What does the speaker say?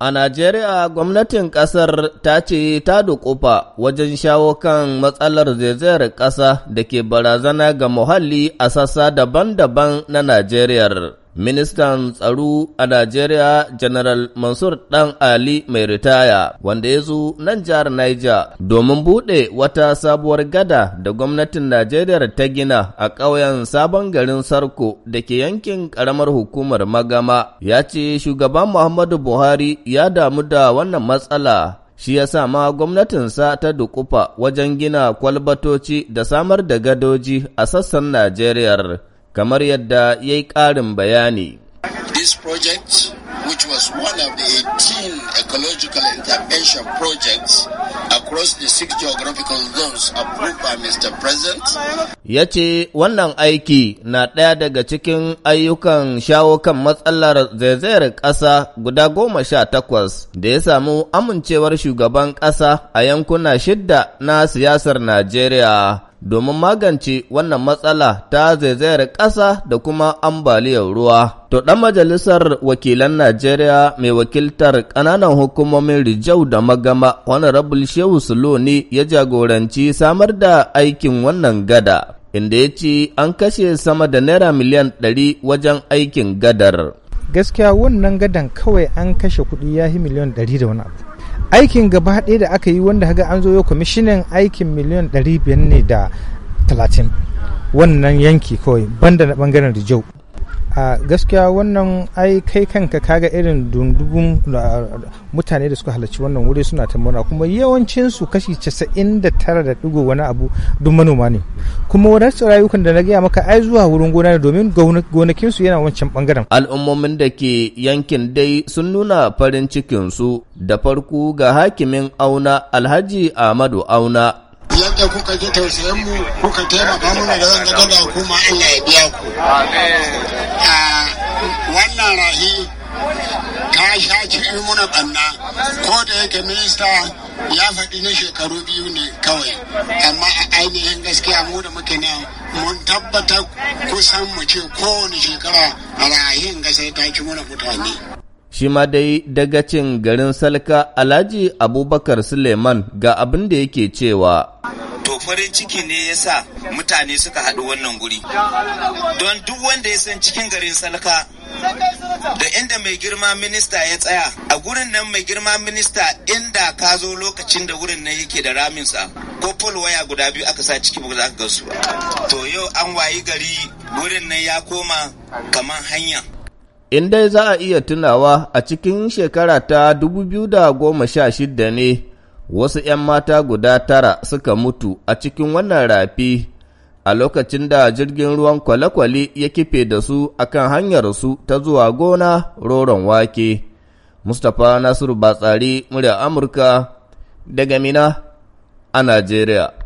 A Najeriya gwamnatin ƙasar ta ce ta dukufa wajen shawo kan matsalar zaizayar ƙasa da ke barazana ga muhalli a sassa daban-daban na Najeriya. Ministan tsaro a Najeriya General Mansur Dan Ali mai ritaya wanda ya zo nan jihar Niger domin buɗe wata sabuwar gada da gwamnatin Najeriya ta gina a ƙauyen sabon garin Sarko da ke yankin ƙaramar hukumar Magama ya ce shugaban Muhammadu Buhari ya damu da wannan matsala shi ya sa ma gwamnatinsa ta dukufa wajen gina kwalbatoci da samar da gadoji a sassan Najeriya. kamar yadda ya yi ƙarin bayani. This project, which was one of the 18 ecological intervention projects across the six geographical zones approved by Mr. President. Ya ce wannan aiki na ɗaya daga cikin ayyukan shawo kan matsalar zaizayar ƙasa guda goma sha takwas da ya samu amincewar shugaban ƙasa a yankuna shidda na siyasar Najeriya. domin magance wannan matsala ta zaizayar ƙasa da kuma ambaliyar ruwa. To ɗan majalisar wakilan Najeriya mai wakiltar ƙananan hukumomin Rijau da Magama, rabul Shehu Sulo ne ya jagoranci samar da aikin wannan gada. inda ya ce an kashe sama da naira miliyan ɗari wajen aikin gadar. Gaskiya wannan gadan kawai an kashe kuɗi ya yi miliyan ɗari da wani abu. aikin gaba ɗaya da aka yi wanda haga an zo yau kwamishinan aikin miliyan 500 ne da 30 wannan yanki kawai banda na bangaren rijau a gaskiya wannan ai kai kanka kaga irin dundubun mutane da suka halarci wannan wuri suna ta murna kuma yawancinsu kashi 99 da digo wani abu duk manoma ne kuma wadansu rayukan da na gaya maka ai zuwa wurin gona ne domin gonakinsu yana wancan bangaren al'ummomin da ke yankin dai sun nuna farin cikinsu da farko ga hakimin auna alhaji ahmadu auna da kuka ji tausayin mu kuka taimaka mana da zan gada da kuma Allah ya biya ku ah, wannan rahi ta sha cikin muna banna ko da yake minista ya faɗi na shekaru biyu ne kawai amma a ainihin gaskiya mu da muke nan mun tabbatar kusan mu ce kowane shekara rahin sai ta ci muna mutane shi ma dai daga cin garin salka alhaji abubakar suleiman ga abin da yake cewa farin ciki ne ya sa mutane suka haɗu wannan guri don duk wanda ya san cikin garin salka da inda mai girma minista ya tsaya a gurin nan mai girma minista inda ka zo lokacin da wurin nan yake da raminsa ko pol waya guda biyu aka sa ciki ba za ka gansu ba to yau an wayi gari wurin nan ya koma kamar hanya in dai za a iya tunawa a cikin shekara ta 2016 ne wasu ‘yan mata guda tara suka mutu a cikin wannan rafi a lokacin da jirgin ruwan kwale-kwale ya kife da su akan su ta zuwa gona roron wake. Mustapha Nasiru Batsari, murya Amurka, daga Mina a Najeriya.